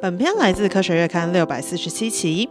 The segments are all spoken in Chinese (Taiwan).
本片來自《科學月刊》六百四十七期。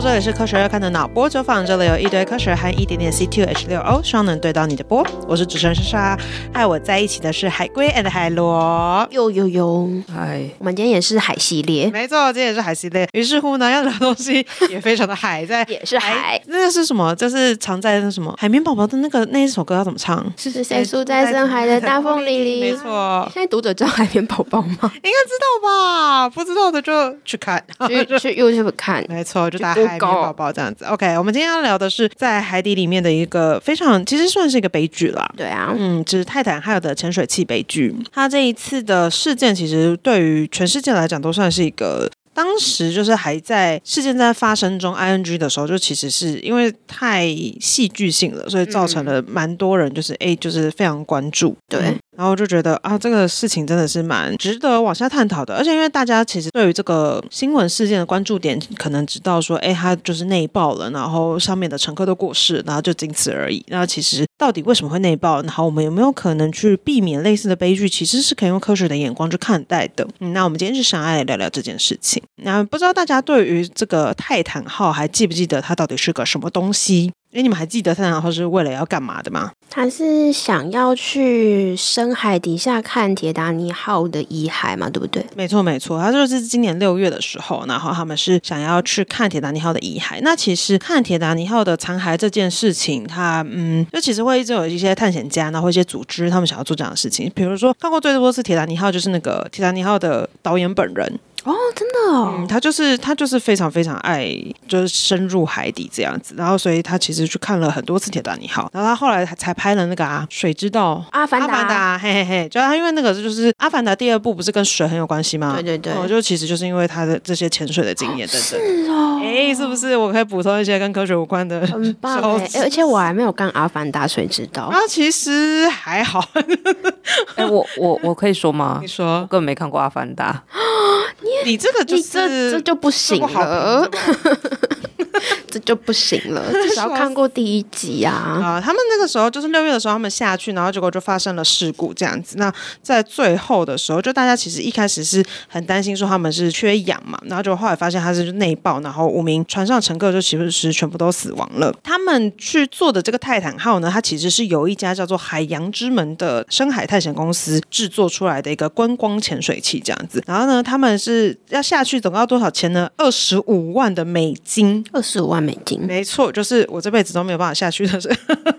這裡是科學要看的腦波走訪，這裡有一堆科學和一點點 C2H6O，希望能對到你的波。我是主持人莎莎，愛我在一起的是海龜 and 海螺。有有有，嗨，我們今天也是海系列，沒錯，今天也是海系列。於是乎，呢，樣的東西也非常的海，在也是海。那是什麼？就是藏在那什麼《海綿寶寶》的那個那一首歌，要怎麼唱？是誰住在深海的大風里裡？沒錯。現在讀者知道《海綿寶寶》嗎？應該知道吧？不知道的就去看，去去 YouTube 看。沒錯，就打海綿寶寶這樣子，OK。我們今天要聊的是在海底裡面的一個非常，其實算是一個悲劇啦。對啊，嗯，就是泰坦號的潛水器悲劇。它這一次的事件，其實對於全世界來講都算是一個。當時就是還在事件在發生中，ING 的時候，就其實是因為太戲劇性了，所以造成了蠻多人就是哎、嗯欸，就是非常關注。對。然後就覺得啊，這個事情真的是蠻值得往下探討的。而且因為大家其實對於這個新聞事件的關注點，可能知道說，哎，它就是內爆了，然後上面的乘客都過世，然後就僅此而已。那其實到底為什麼會內爆？然後我們有沒有可能去避免類似的悲劇？其實是可以用科學的眼光去看待的。嗯，那我們今天就想要來聊聊這件事情。那不知道大家對於這個泰坦號還記不記得它到底是個什麼東西？哎，你們還記得泰坦號是為了要幹嘛的嗎？他是想要去深海底下看鐵達尼號的遺骸嘛，對不對？沒錯，沒錯，他就是今年六月的時候，然後他們是想要去看鐵達尼號的遺骸。那其實看鐵達尼號的殘骸這件事情，他嗯，就其實會一直有一些探險家，然後一些組織，他們想要做這樣的事情。比如說看過最多次鐵達尼號，就是那個鐵達尼號的導演本人。哦，真的哦，嗯，他就是他就是非常非常愛，就是深入海底這樣子，然後所以他其實去看了很多次《鐵達尼號》，然後他後來才拍了那個啊《水之道》《阿凡達》阿凡達，嘿嘿嘿，就他、啊、因為那個就是《阿凡達》第二部不是跟水很有關係嗎？對對對、哦，就其實就是因為他的這些潛水的經驗等等，是哦，哎、欸，是不是？我可以補充一些跟科學無關的，很棒、欸欸，而且我還沒有看《阿凡達》《水之道》啊，他其實還好，哎 欸，我我我可以說嗎？你說，我根本沒看過《阿凡達》啊。你這個就是這這，這就不行了。 這就不行了，至少 看過第一集呀，啊。啊、 呃，他們那個時候就是六月的時候，他們下去，然後結果就發生了事故這樣子。那在最後的時候，就大家其實一開始是很擔心說他們是缺氧嘛，然後就後來發現他是內爆，然後五名船上乘客就其實是全部都死亡了。他們去做的這個泰坦號呢，它其實是由一家叫做海洋之門的深海探險公司制作出來的一個觀光潛水器這樣子。然後呢，他們是要下去，總共要多少錢呢？二十五萬的美金，二十五萬。美金，沒錯，就是我這輩子都沒有辦法下去的，的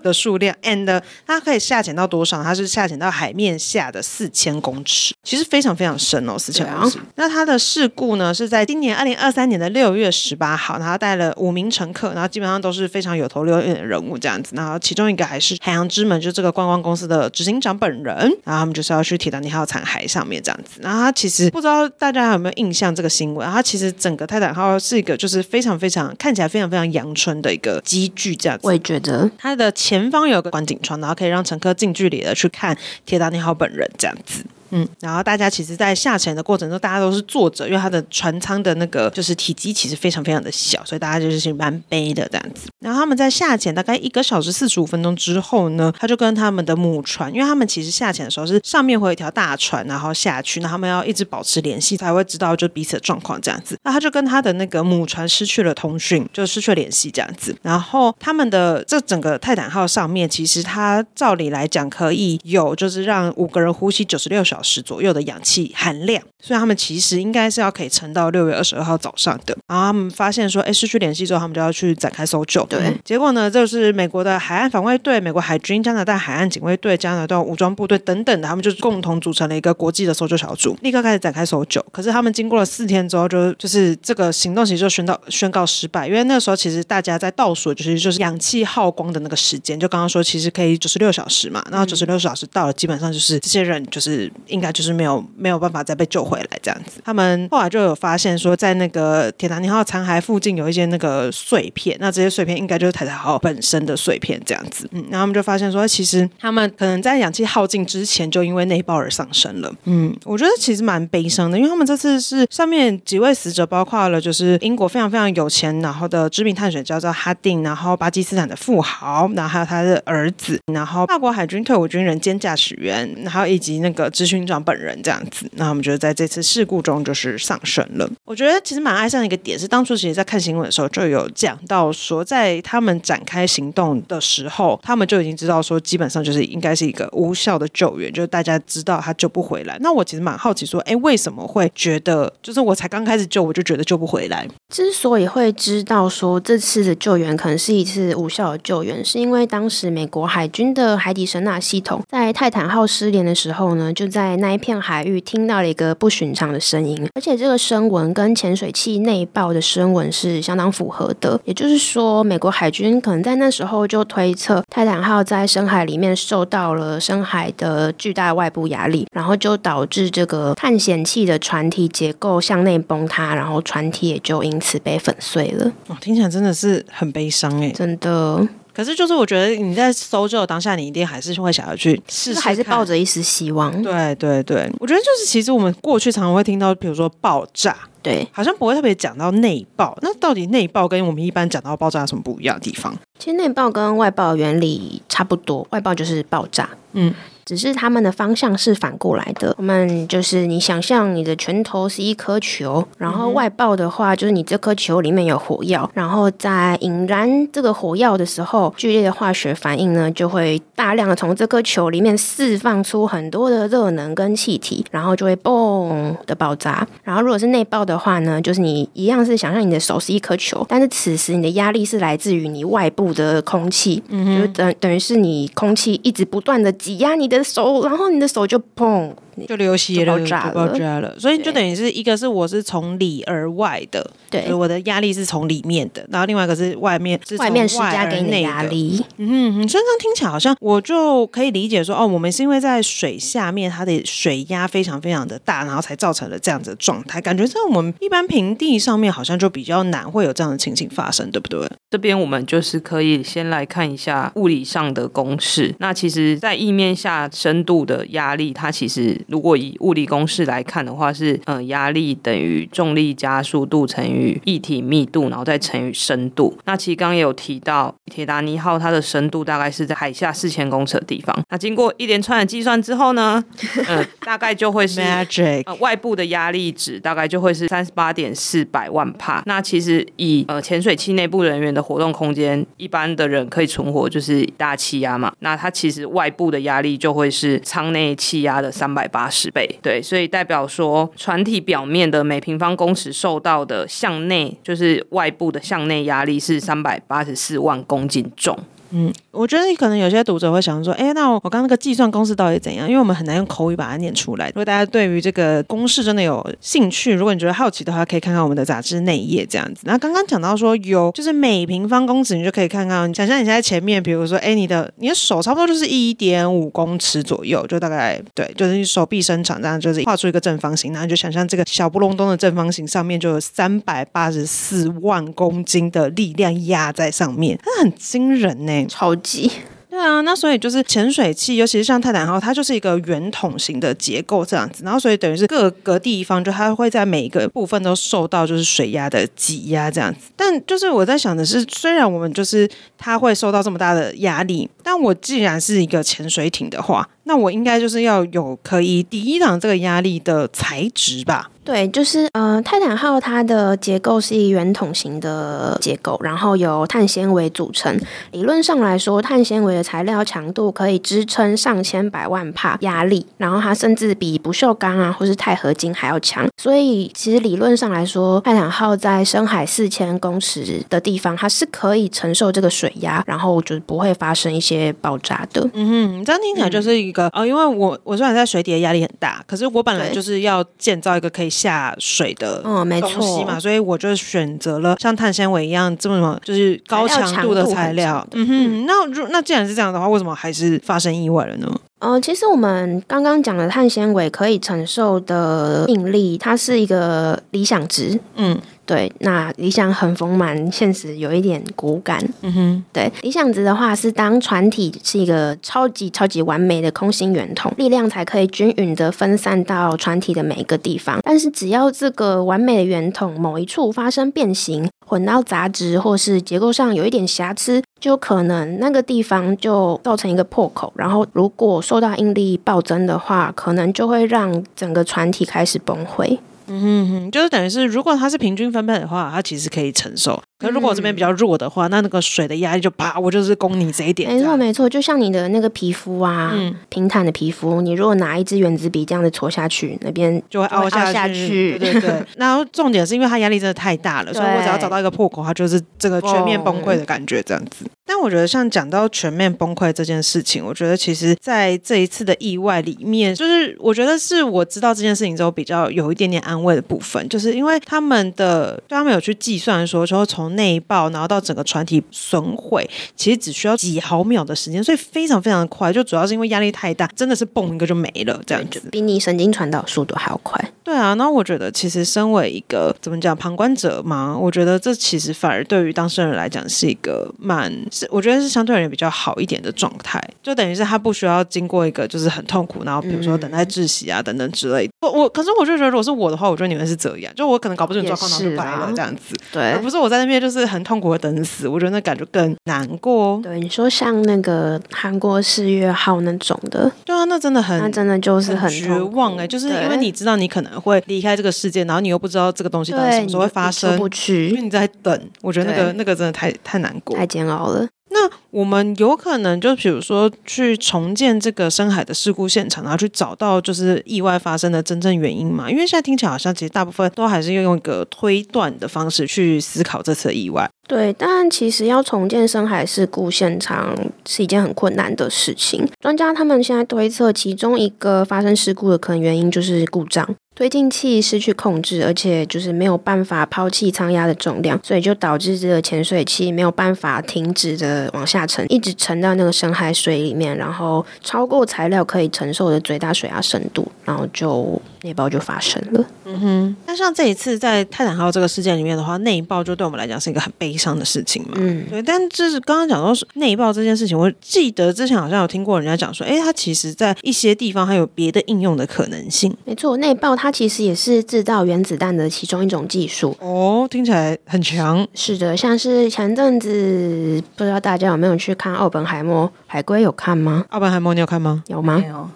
的數量，and 它可以下潛到多少？它是下潛到海面下的四千公尺，其實非常非常深哦，四千公尺。啊、那它的事故呢，是在今年二零二三年的六月十八號，然後帶了五名乘客，然後基本上都是非常有頭有臉的人物這樣子，然後其中一個還是海洋之門，就是、這個觀光公司的執行長本人，然後他們就是要去鐵達尼號殘骸上面這樣子。然後他其實不知道大家有沒有印象這個新聞，它其實整個泰坦號是一個就是非常非常看起來非常非常陽春的一個機具，這樣子。我也覺得它的前方有個觀景窗，然後可以讓乘客近距離的去看鐵達尼號本人，這樣子。嗯，然後大家其實，在下潛的過程中，大家都是坐着，因為他的船艙的那個就是體積其實非常非常的小，所以大家就是蠻悲的這樣子。然後他們在下潛大概一個小時四十五分鐘之後呢，他就跟他們的母船，因為他們其實下潛的時候是上面會有一條大船，然後下去，那他們要一直保持聯繫，才會知道就彼此的狀況這樣子。那他就跟他的那個母船失去了通訊，就失去了聯繫這樣子。然後他們的這整個泰坦號上面，其實他照理來講可以有，就是讓五個人呼吸九十六小時。時左右的氧氣含量，所以他們其實應該是要可以撐到六月二十二號早上的。然後他們發現說，哎，失去聯繫之後，他們就要去展開搜救。對。結果呢，就是美國的海岸防衛隊、美國海軍、加拿大海岸警衛隊、加拿大武裝部隊等等的，他們就共同組成了一個國際的搜救小組，立刻開始展開搜救。可是他們經過了四天之後就，就就是這個行動其實就宣告宣告失敗，因為那時候其實大家在倒數、就是，其實就是氧氣耗光的那個時間。就剛剛說，其實可以九十六小時嘛，然後九十六小時到了，基本上就是這些人就是。應該就是沒有沒有辦法再被救回來這樣子。他們後來就有發現說，在那個“鐵達尼號”殘骸附近有一些那個碎片，那這些碎片應該就是“泰坦號”本身的碎片這樣子。嗯，然後他們就發現說，其實他們可能在氧氣耗盡之前就因為內爆而喪生了。嗯，我覺得其實蠻悲傷的，因為他們這次是上面幾位死者，包括了就是英國非常非常有錢然後的知名探險家叫哈丁，然後巴基斯坦的富豪，然後還有他的兒子，然後法國海軍退伍軍人兼駕駛員，然後以及那個諮詢長本人這樣子，那他們覺得在這次事故中就是喪生了。我覺得其實蠻愛上的一個點是，當初其實，在看新聞的時候就有講到說，在他們展開行動的時候，他們就已經知道說，基本上就是應該是一個無效的救援，就是大家知道他救不回來。那我其實蠻好奇，說，哎、欸，為什麼會覺得，就是我才剛開始救，我就覺得救不回來？之所以會知道說這次的救援可能是一次無效的救援，是因為當時美國海軍的海底聲吶系統在泰坦號失聯的時候呢，就在。那一片海域聽到了一個不尋常的聲音，而且這個聲紋跟潛水器內爆的聲紋是相當符合的。也就是說，美國海軍可能在那時候就推測泰坦號在深海裡面受到了深海的巨大的外部壓力，然後就導致這個探險器的船體結構向內崩塌，然後船體也就因此被粉碎了。聽起來真的是很悲傷誒，真的。可是，就是我覺得你在搜救當下，你一定還是會想要去試試，是還是抱着一絲希望。對對對，我覺得就是，其實我們過去常常會聽到，比如說爆炸，對，好像不會特別講到內爆。那到底內爆跟我們一般講到爆炸有什麼不一樣的地方？其實內爆跟外爆原理差不多，外爆就是爆炸，嗯。只是他們的方向是反過來的。我們就是你想象你的拳頭是一顆球，然後外爆的話，就是你這顆球裡面有火藥，然後在引燃這個火藥的時候，劇烈的化學反應呢，就會大量的從這顆球裡面釋放出很多的熱能跟氣體，然後就會嘣的爆炸。然後如果是內爆的話呢，就是你一樣是想象你的手是一顆球，但是此時你的壓力是來自於你外部的空氣，嗯，就等等於是你空氣一直不斷的擠壓你的。的手，然後你的手就砰，就流血了，就炸了，就炸了，所以就等於是一個是我是從裡而外的，對，我的壓力是從裡面的，然後另外一個是外面，是外，外面施加給你的壓力，嗯哼，這樣聽起來好像我就可以理解說，哦，我們是因為在水下面，它的水壓非常非常的大，然後才造成了這樣子的狀態，感覺在我們一般平地上面好像就比較難會有這樣的情形發生，對不對？這邊我們就是可以先來看一下物理上的公式，那其實，在液面下。那深度的壓力，它其實如果以物理公式來看的話是，是呃壓力等於重力加速度乘以液體密度，然後再乘以深度。那其實剛剛也有提到，鐵達尼號它的深度大概是在海下四千公尺的地方。那經過一連串的計算之後呢、 呃，大概就會是，Magic. 呃，外部的壓力值大概就會是三十八點四百萬帕。那其實以呃潛水器內部人員的活動空間，一般的人可以存活就是大氣壓嘛。那它其實外部的壓力就會是艙內氣壓的三百八十倍，對，所以代表說船體表面的每平方公尺受到的向內，就是外部的向內壓力是三百八十四萬公斤重。嗯，我覺得可能有些讀者會想說，哎，那我剛剛那個計算公式到底怎樣？因為我們很難用口語把它念出來。如果大家對於這個公式真的有興趣，如果你覺得好奇的話，可以看看我們的雜誌內頁這樣子。那剛剛講到說，有就是每平方公尺，你就可以看看，你想象你現在前面，比如說，哎，你的你的手差不多就是一點五公尺左右，就大概對，就是你手臂伸長，這樣就是畫出一個正方形，然後你就想象這個小不隆咚的正方形上面就有三百八十四萬公斤的力量壓在上面，那很驚人呢、欸。超級對啊，那所以就是潛水器，尤其是像泰坦號，它就是一個圓筒型的結構這樣子，然後所以等於是各個地方就它會在每一個部分都受到就是水壓的擠壓這樣子。但就是我在想的是，雖然我們就是它會受到這麼大的壓力，但我既然是一個潛水艇的話。那我應該就是要有可以抵擋這個壓力的材質吧？對，就是呃，泰坦號它的結構是以圓筒形的結構，然後由碳纖維組成。理論上來說，碳纖維的材料強度可以支撐上千百萬帕壓力，然後它甚至比不鏽鋼啊或是鈦合金還要強。所以，其實理論上來說，泰坦號在深海四千公尺的地方，它是可以承受這個水壓，然後就不會發生一些爆炸的。嗯，哼，這樣聽起來就是、嗯個哦，因為我我雖然在水底的壓力很大，可是我本來就是要建造一個可以下水的嗯，沒錯嘛，所以我就選擇了像碳纖維一樣這麼什麼，就是高強度的材料，嗯哼。那如那既然是這樣的話，為什麼還是發生意外了呢？嗯，其實我們剛剛講的碳纖維可以承受的應力，它是一個理想值，嗯。對，那理想很豐滿，現實有一點骨感。嗯哼，對，理想值的話是當船體是一個超級超級完美的空心圓筒，力量才可以均勻的分散到船體的每一個地方。但是只要這個完美的圓筒某一處發生變形、混到雜質，或是結構上有一點瑕疵，就可能那個地方就造成一個破口。然後如果受到應力暴增的話，可能就會讓整個船體開始崩潰。嗯哼，就是等於是，如果他是平均分配的話，他其實可以承受。那如果我這邊比較弱的話，嗯、那那個水的壓力就啪，我就是攻你這一點這沒。沒錯沒錯，就像你的那個皮膚啊，平坦的皮膚，你如果拿一支原子筆這樣子戳下去，那邊就會凹下去。下去對，對對。然後重點是因為它壓力真的太大了，對所以我只要找到一個破口，它就是這個全面崩潰的感覺這樣子。哦嗯、但我覺得像講到全面崩潰這件事情，我覺得其實在這一次的意外裡面，就是我覺得是我知道這件事情之後比較有一點點安慰的部分，就是因為他們的就他們有去計算說說從內爆，然後到整個船體損毀，其實只需要幾毫秒的時間，所以非常非常快。就主要是因為壓力太大，真的是蹦一個就沒了這樣子。比你神經傳導速度還要快。對啊，那我覺得其實身為一個怎麼講旁觀者嘛，我覺得這其實反而對於當事人來講是一個蠻是，我覺得是相對而言比較好一點的狀態。就等於是他不需要經過一個就是很痛苦，然後比如說等待窒息啊、嗯、等等之類的。我我可是我就覺得，如果是我的話，我覺得你們是這樣，就我可能搞不清楚狀況就白了這樣子。對，而不是我在那邊。就是很痛苦的等死，我覺得那感覺更難過、哦。對，你說像那個韓國世越號那種的，對啊，那真的很，那真的就是很絕望哎、欸，就是因為你知道你可能會離開這個世界，對然後你又不知道這個東西到底什麼時候會發生，因為你在等。我覺得那個對那個真的太太難過，太煎熬了。那我們有可能就比如說去重建這個深海的事故現場，然後去找到就是意外發生的真正原因嘛？因為現在聽起來好像其實大部分都還是用一個推斷的方式去思考這次的意外。對，但其實要重建深海事故現場是一件很困難的事情。專家他們現在推測，其中一個發生事故的可能原因就是故障。推進器失去控制，而且就是沒有辦法拋棄艙壓的重量，所以就導致這個潛水器沒有辦法停止的往下沉，一直沉到那個深海水裡面，然後超過材料可以承受的最大水壓深度，然後就。內爆就發生了。嗯哼，那像這一次在泰坦號這個事件裡面的話，內爆就對我們來講是一個很悲傷的事情嘛。嗯，對。但就是剛剛講到內爆這件事情，我記得之前好像有聽過人家講說，哎、欸，它其實在一些地方還有別的應用的可能性。沒錯，內爆它其實也是製造原子彈的其中一種技術。哦，聽起來很強。是的，像是前陣子，不知道大家有沒有去看《奧本海默》，海龜有看嗎？奧本海默，你有看嗎？有嗎？沒有。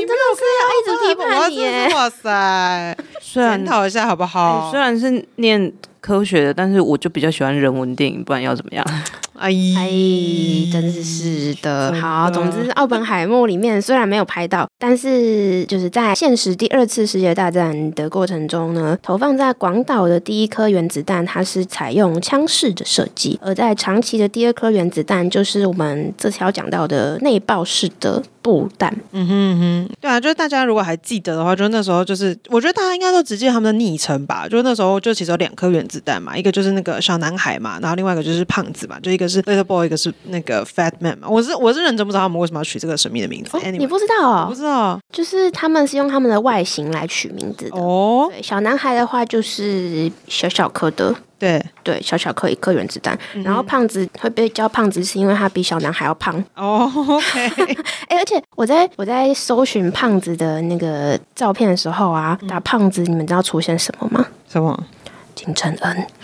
你真的你是要的我可以一直批判你耶？哇塞！雖然討一下好不好，雖、欸？雖然是念科學的，但是我就比較喜歡人文電影，不然要怎麼樣？哎哎，哎真的是的。是的好，總之《奧本海默》裡面雖然沒有拍到， 但是就是在現實第二次世界大戰的過程中呢，投放在廣島的第一顆原子彈，它是採用槍式的設計；而在長崎的第二顆原子彈，就是我們這次要講到的內爆式的。布蛋。嗯哼嗯哼，對啊，就是大家如果還記得的話，就那時候就是，我覺得大家應該都只記得他們的昵稱吧。就那時候就其實有兩顆原子彈嘛，一個就是那個小男孩嘛，然後另外一個就是胖子嘛，就一個是 little boy，一個是那個 fat man 嘛。我是我是認真不知道他們為什麼要取這個神秘的名字。哦，anyway，你不知道哦？不知道，就是他們是用他們的外形來取名字的。哦，對，小男孩的話就是小小顆的。對對，小小顆一顆原子彈，嗯、然後胖子會被叫胖子，是因為他比小男孩要胖。哦、oh，OK，哎、 欸,而且我在我在搜尋胖子的那個照片的時候啊，打胖子，嗯、你們知道出現什麼嗎？什麼？金正恩？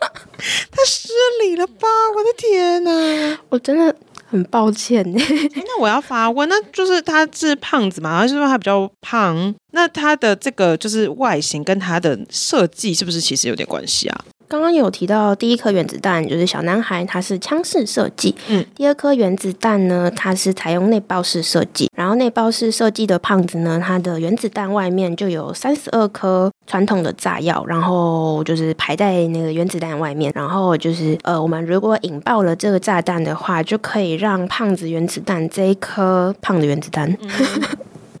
他失禮了吧？我的天哪、啊！我真的。很抱歉、欸，那我要發問，那就是他是胖子嘛，然後就是、說他比較胖，那他的這個就是外形跟他的設計是不是其實有點關係啊？剛剛有提到第一顆原子彈就是小男孩他、嗯，他是槍式設計，嗯，第二顆原子彈呢，它是採用內爆式設計，然後。內爆式設計的胖子呢，它的原子彈外面就有三十二顆傳統的炸藥，然後就是排在那個原子彈外面，然後就是呃，我們如果引爆了這個炸彈的話，就可以讓胖子原子彈這一顆胖的原子彈，嗯，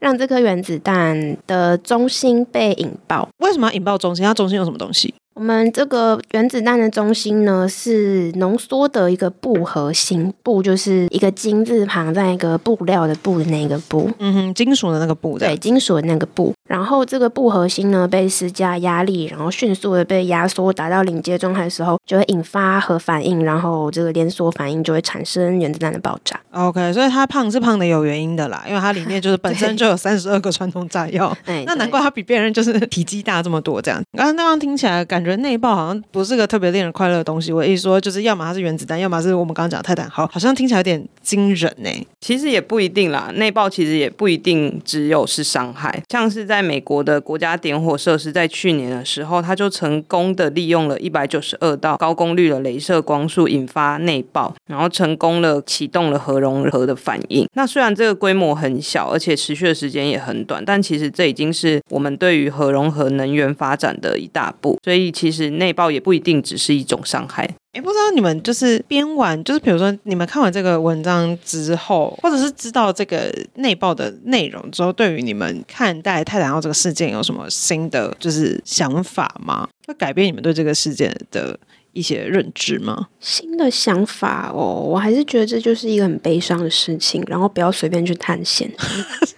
讓這顆原子彈的中心被引爆。為什麼要引爆中心？它中心有什麼東西？我們這個原子彈的中心呢，是濃縮的一個布核心，布就是一個金字旁，再一個布料的布的那個布，嗯哼，金屬的那個布，這樣子，對，金屬的那個布。然後這個鈽核心呢，被施加壓力，然後迅速的被壓縮，達到臨界狀態的時候，就會引發核反應，然後這個連鎖反應就會產生原子彈的爆炸。OK，所以它胖是胖的有原因的啦，因為它裡面就是本身就有三十二個傳統炸藥。哎 對，那難怪它比別人就是體積大這麼多，這樣。剛剛那樣聽起來感覺內爆好像不是個特別令人快樂的東西。我意思說就是，要麼它是原子彈，要麼是我們剛剛講的泰坦，好好像聽起來有點驚人呢、欸。其實也不一定啦，內爆其實也不一定只有是傷害，像是在。在美國的國家點火設施，在去年的時候，它就成功的利用了一百九十二道高功率的雷射光束引發內爆，然後成功的啟動了核融合的反應。那雖然這個規模很小，而且持續的時間也很短，但其實這已經是我們對於核融合能源發展的一大步。所以，其實內爆也不一定只是一種傷害。也不知道你們就是編完，就是比如說你們看完這個文章之後，或者是知道這個內爆的內容之後，對於你們看待泰坦號這個事件有什麼新的就是想法嗎？會改變你們對這個事件的？一些認知嗎？新的想法哦，我還是覺得這就是一個很悲傷的事情，然後不要隨便去探險。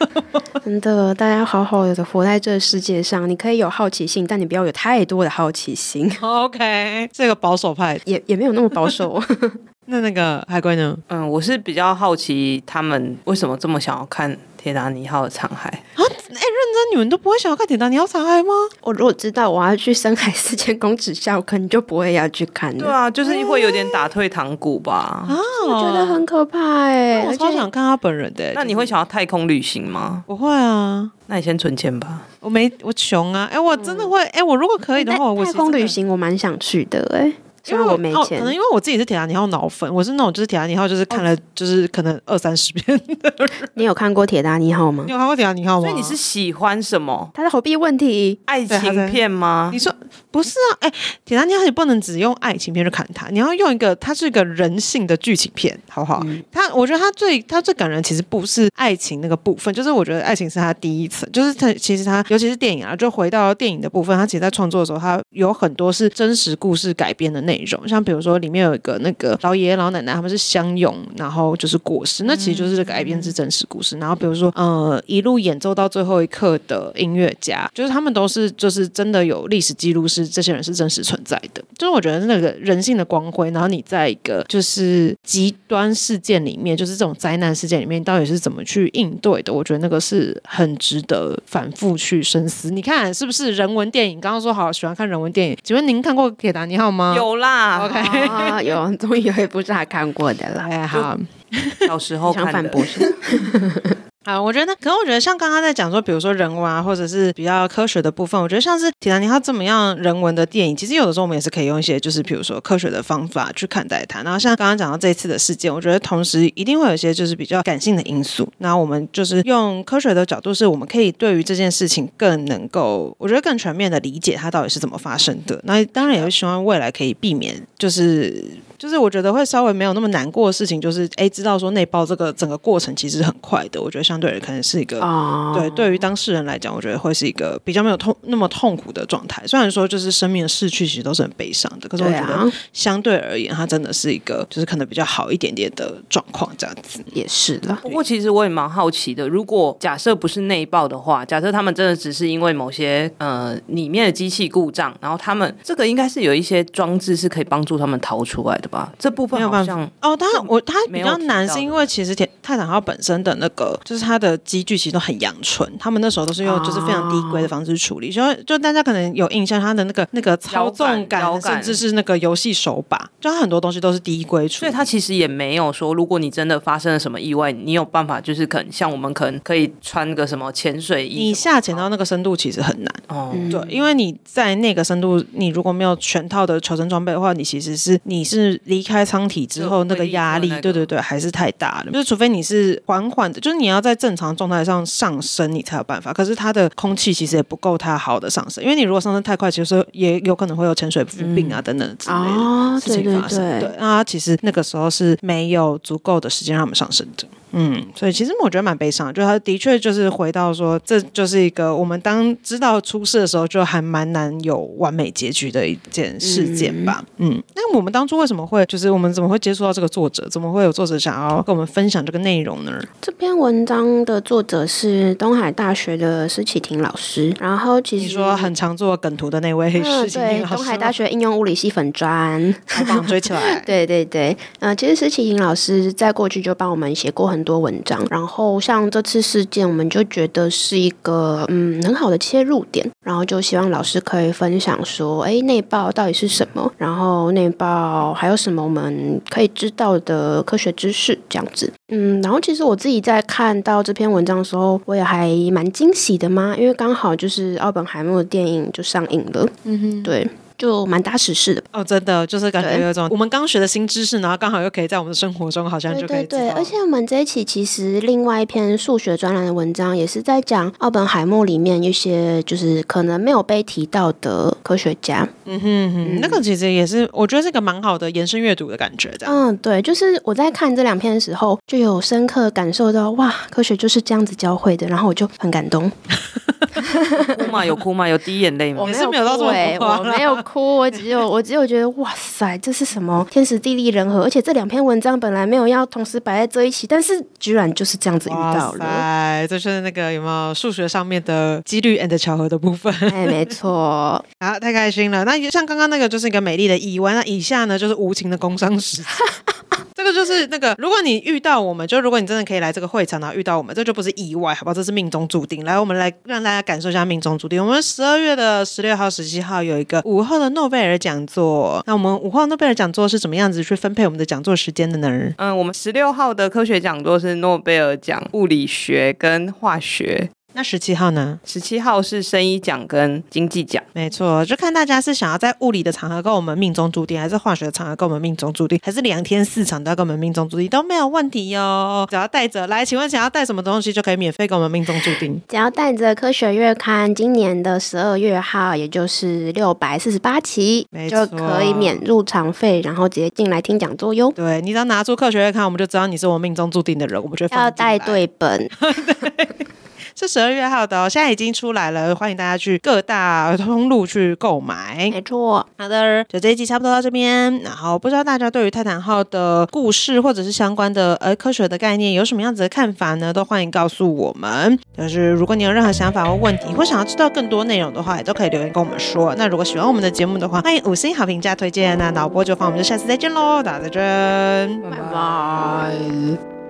真的，大家好好的活在這個世界上，你可以有好奇心，但你不要有太多的好奇心。OK，這個保守派也也沒有那麼保守。 那那個海龜呢？嗯，我是比較好奇他們為什麼這麼想要看鐵達尼號的殘骸。哎、欸，認真，你們都不會想要看《鐵達尼號殘骸》嗎？我如果知道我要去深海四千公尺下，可能就不會要去看。對啊，就是會有點打退堂鼓吧。欸、啊，我覺得很可怕哎、欸！我超想看他本人的，欸。且那你會想要太空旅行嗎？不會啊。那你先存錢吧。我沒，我窮啊。哎、欸，我真的會哎、嗯欸。我如果可以的話，欸、我太空旅行我蠻想去的哎。因為我，我沒錢、哦、可能因為我自己是鐵達尼號腦粉，我是那種就是鐵達尼號就是看了就是可能二三十遍的、oh. 你有看過鐵達尼號嗎？你有看過鐵達尼號嗎？所以你是喜歡什麼？他的回避問題愛情片嗎？你說不是啊，哎、欸，鐵達尼號你不能只用愛情片去看它，你要用一個它是一個人性的劇情片，好不好？嗯、他，我覺得他最他最感人，其實不是愛情那個部分，就是我覺得愛情是他第一層，就是他其實他，尤其是電影啊，就回到電影的部分，他其實在創作的時候，他有很多是真實故事改編的那。內容像比如說裡面有一個那個老爺爺老奶奶，他們是相擁，然後就是過世，那其實就是這個改編自真實故事。嗯、然後比如說呃一路演奏到最後一刻的音樂家，就是他們都是就是真的有歷史記錄是，是這些人是真實存在的。就是我覺得那個人性的光輝，然後你在一個就是極端事件裡面，就是這種災難事件裡面到底是怎麼去應對的？我覺得那個是很值得反覆去深思。你看是不是人文電影？剛剛說好喜歡看人文電影，請問您看過《鐵達尼號》嗎？有。啦，OK，好有終於有一部是他看過的了。哎， 好， 到時候看反駁是啊，我覺得，可能我覺得像剛剛在講說，比如說人文啊，或者是比較科學的部分，我覺得像是《鐵達尼克號》怎麼樣人文的電影，其實有的時候我們也是可以用一些，就是比如說科學的方法去看待它。然後像剛剛講到這一次的事件，我覺得同時一定會有一些就是比較感性的因素。那我們就是用科學的角度，是我們可以對於這件事情更能夠，我覺得更全面的理解它到底是怎麼發生的。那當然也是希望未來可以避免，就是。就是我覺得會稍微沒有那麼難過的事情，就是哎，知道說內爆這個整個過程其實很快的。我覺得相對而言，可能是一個、哦、對對於當事人來講，我覺得會是一個比較沒有痛那麼痛苦的狀態。雖然說就是生命的逝去其實都是很悲傷的，可是我覺得相對而言，它真的是一個就是可能比較好一點點的狀況，這樣子也是啦。不過其實我也蠻好奇的，如果假設不是內爆的話，假設他們真的只是因為某些呃裡面的機器故障，然後他們這個應該是有一些裝置是可以幫助他們逃出來的。這部分沒有辦法好像 哦，它，我它比較難，是因為其實泰坦號本身的那個就是它的機具其實都很陽春，他們那時候都是用就是非常低規的方式處理，就、啊、就大家可能有印象，它的那個那個操縱感，搖桿 甚至是那個遊戲手把，搖桿 就它很多東西都是低規處理，所以它其實也沒有說，如果你真的發生了什麼意外，你有辦法就是可能像我們可能可以穿個什麼潛水衣，你下潛到那個深度其實很難，哦、啊，對，嗯、因為你在那個深度，你如果沒有全套的求生裝備的話，你其實是你是。離開艙體之後，那個壓力，對對對，還是太大了。就是除非你是緩緩的，就是你要在正常狀態上上升，你才有辦法。可是它的空氣其實也不夠它好的上升，因為你如果上升太快，其實也有可能會有潛水病啊等等之類的啊事情發生。嗯哦、對啊對對，對，那它其實那個時候是沒有足夠的時間讓他們上升的。嗯，所以其實我覺得蠻悲傷的，就他的確就是回到說，這就是一個我們當知道出事的時候，就還蠻難有完美結局的一件事件吧。嗯，嗯，那我們當初為什麼會就是我們怎麼會接觸到這個作者，怎麼會有作者想要跟我們分享這個內容呢？這篇文章的作者是東海大學的施啟廷老師，然後其實你說很常做梗圖的那位啟廷老師，是、嗯，東海大學應用物理系粉專。 對對對，嗯、呃，其實施啟廷老師在過去就幫我們寫過很很多文章，然後像這次事件，我們就覺得是一個嗯很好的切入點，然後就希望老師可以分享說，哎，內爆到底是什麼？然後內爆還有什麼我們可以知道的科學知識？這樣子，嗯，然後其實我自己在看到這篇文章的時候，我也還蠻驚喜的嘛，因為剛好就是奧本海默的電影就上映了，嗯哼，對。就蠻搭時事的哦，真的就是感覺有種對我們剛學的新知識，然後剛好又可以在我們的生活中好像就可以知道。對，對，對，而且我們這一期其實另外一篇數學專欄的文章也是在講奧本海默裡面一些就是可能沒有被提到的科學家。嗯哼哼，那個其實也是，我覺得是一個蠻好的延伸閱讀的感覺。嗯，對，就是我在看這兩篇的時候，就有深刻感受到哇，科學就是這樣子教會的，然後我就很感動。 哭嘛，有哭嘛，有滴眼淚嗎？我是沒有哭誒、欸，我沒有哭。 哭我只有我只有覺得，哇塞，這是什麼天時地利人和？而且這兩篇文章本來沒有要同時擺在這一期，但是居然就是這樣子遇到了。哎，哇塞，這是那個有沒有數學上面的幾率 and 巧合的部分？ 哎，沒錯。好，太開心了。那像剛剛那個就是一個美麗的意外，那以下呢就是無情的工商時。 就是那個，如果你遇到我們，就如果你真的可以來這個會場然後遇到我們，這就不是意外，好不好？這是命中注定。來，我們來讓大家感受一下命中注定。我們十二月的十六號、十七號有一個午後的諾貝爾講座。那我們午後諾貝爾講座是怎麼樣子去分配我們的講座時間的呢？嗯，我們十六號的科學講座是諾貝爾獎物理學跟化學。那十七號呢？十七號是生醫獎跟經濟獎，沒錯，就看大家是想要在物理的場合跟我們命中注定，還是化學的場合跟我們命中注定，還是兩天四場都要跟我們命中注定都沒有問題喲、哦。只要帶着來，請問想要帶什麼東西就可以免費跟我們命中注定。只要帶着科學月刊今年的十二月號，也就是六百四十八期，錯就可以免入場費，然後直接進來聽講座喲。對，你只要拿出科學月刊，我們就知道你是我命中注定的人，我們就要帶對本。 對是十二月號的哦，現在已經出來了，歡迎大家去各大通路去購買。沒錯，好的，就這一集差不多到這邊。然後不知道大家對於泰坦號的故事或者是相關的呃科學的概念有什麼樣子的看法呢？都歡迎告訴我們。就是如果你有任何想法或問題，或想要知道更多內容的話，也都可以留言跟我們說。那如果喜歡我們的節目的話，歡迎五星好評加推薦。那腦波酒坊，我們就下次再見嘍，大家再見，拜拜。拜拜。